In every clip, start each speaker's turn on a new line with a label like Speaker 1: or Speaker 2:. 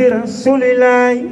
Speaker 1: رسول الله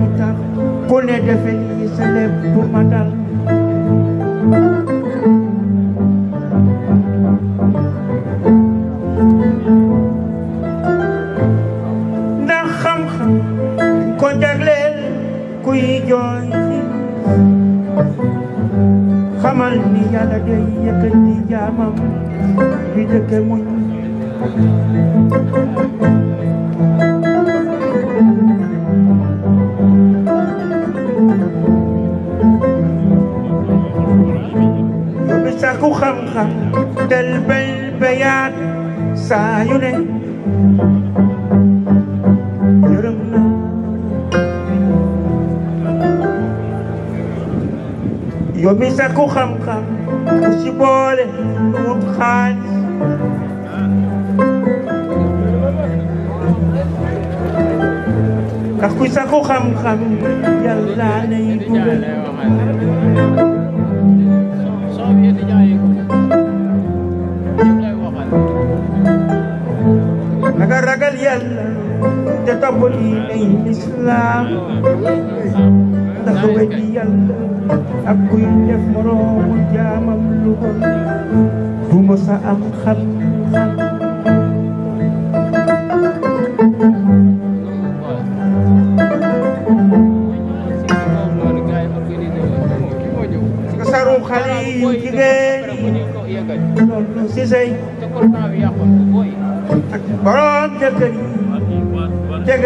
Speaker 1: lu tax ku ne defe nii sa bu ma dal xam-xam ko jagleel kuy jooy xamal ni yàlla day yëkkati jaamam di dëkke muñ ku xam-xam del bay bayaat saa yu ne yërëm na yow mi ku xam-xam ku ci boole wut xaalis ndax ku ku xam-xam yàlla lay dugal nga ragal yàlla te topp diiney lislaam ndax weddi yàlla ak kuy def moroomu jaamam lu bon du ma sa am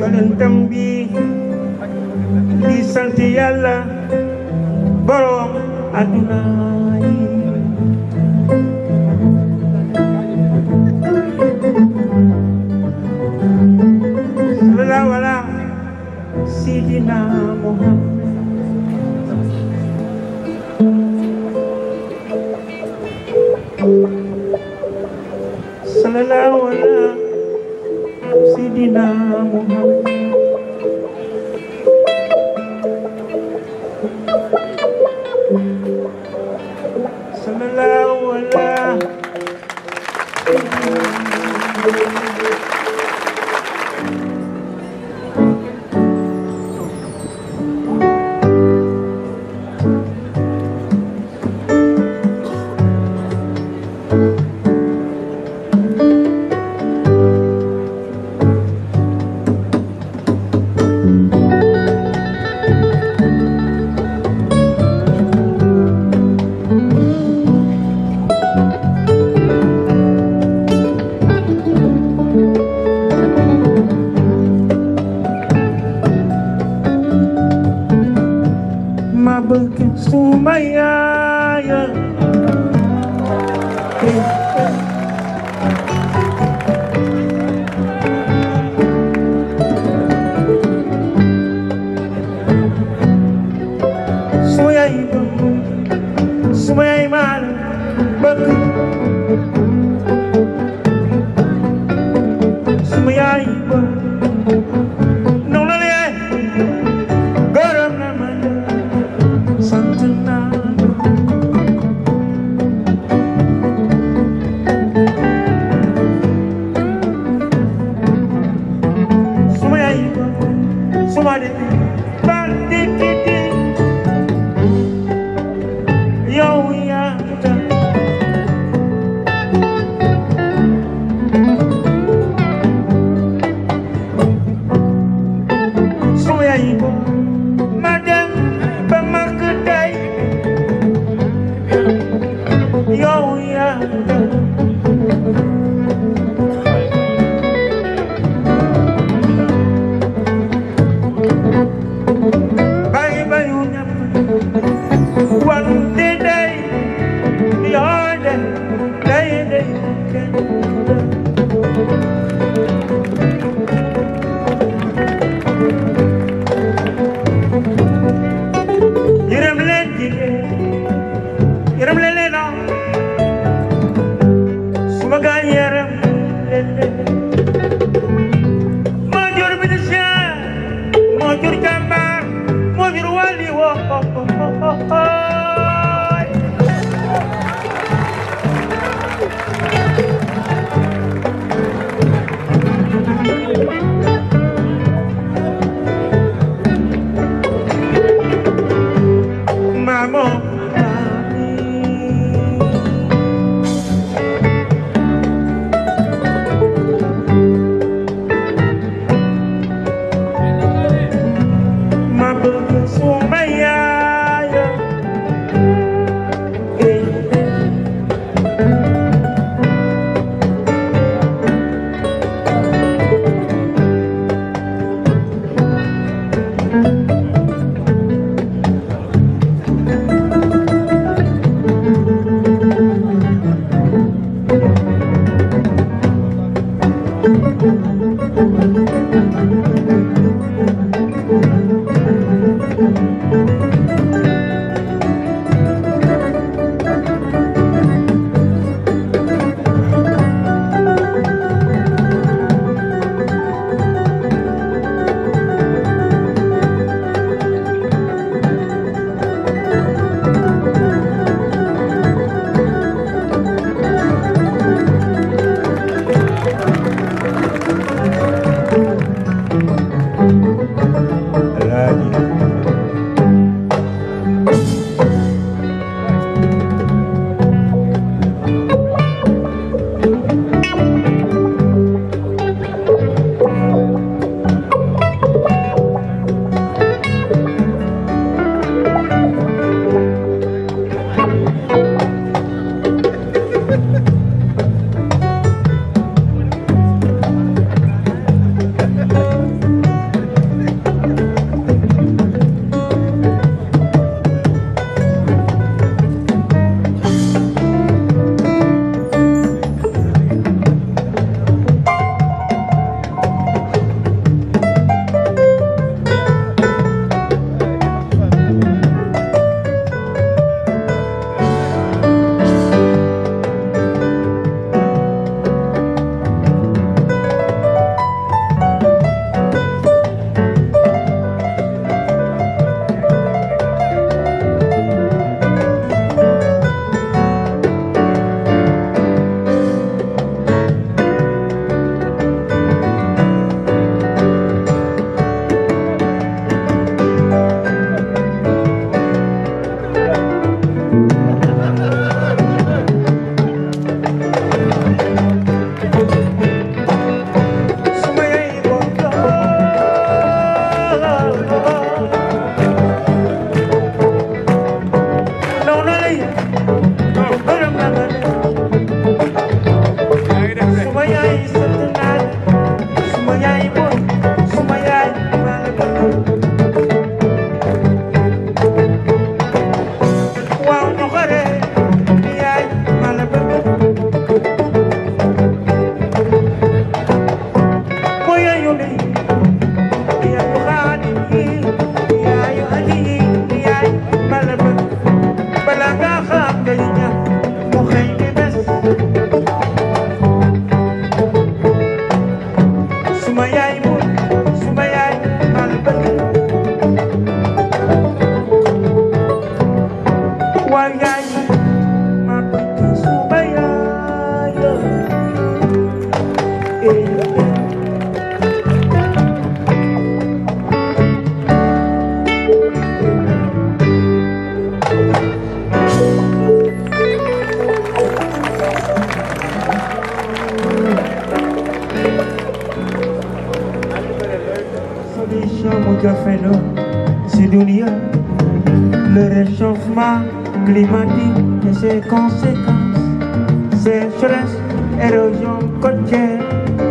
Speaker 1: yonentam bi sant yàlla wala sidina Muhammad sala wala سيدنا محمد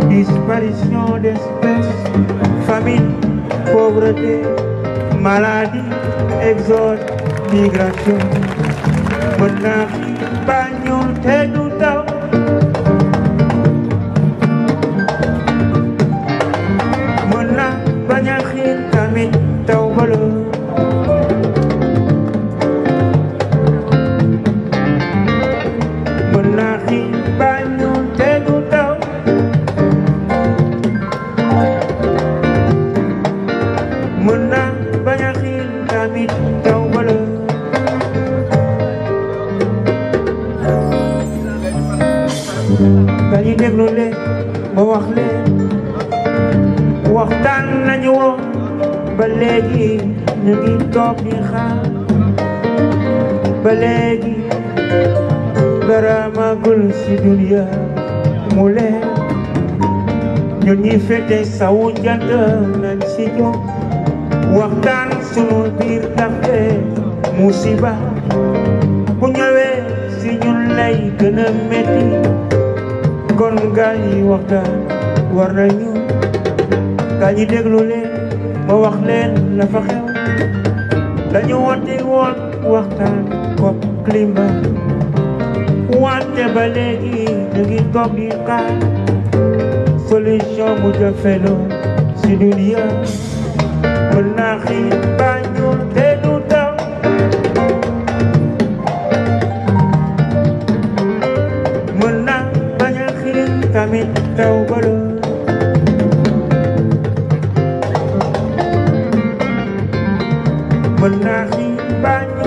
Speaker 1: disparition d'espèces, famine, pauvreté, maladie, exode, migration. Mon ami, bagnol, te ñu ngi toog di xaar ba léegi dara magul si dunya mu leer ñu ñi fete sawu jant nañ si jóg waxtaan sunu biir dafte musiba bu ñëwee si ñun lay gën metti kon gaa ñi waxtaan war nañu gaa ñi déglu leen ma wax leen la fa xew dañu woote woon waxtaan ko climat wante ba léegi ñu ngi toog di xaar solution bu jëfee loo si dunia mën bañ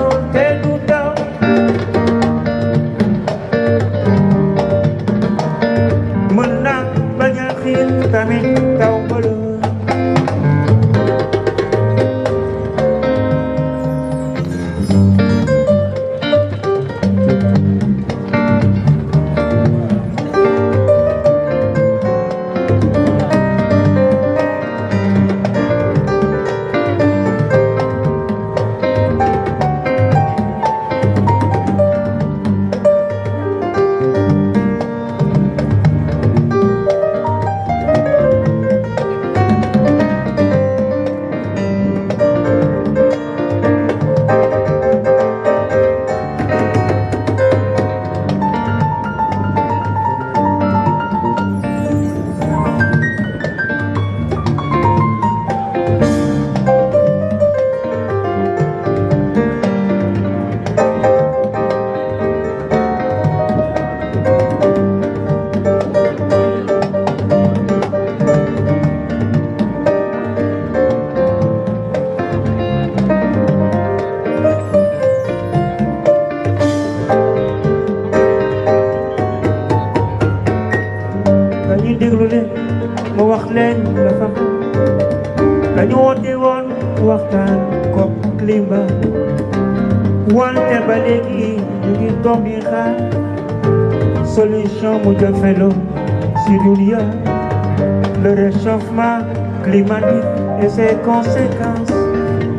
Speaker 1: climatique et ses conséquences,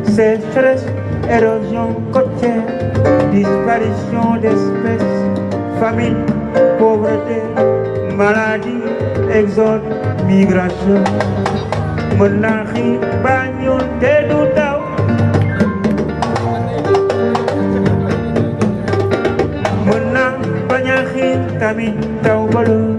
Speaker 1: sécheresse, érosion côtière, disparition d'espèces, famine, pauvreté, maladie, exode, migration. mën naa xii bañu te du taw. mën naa bañ a tamit taw ba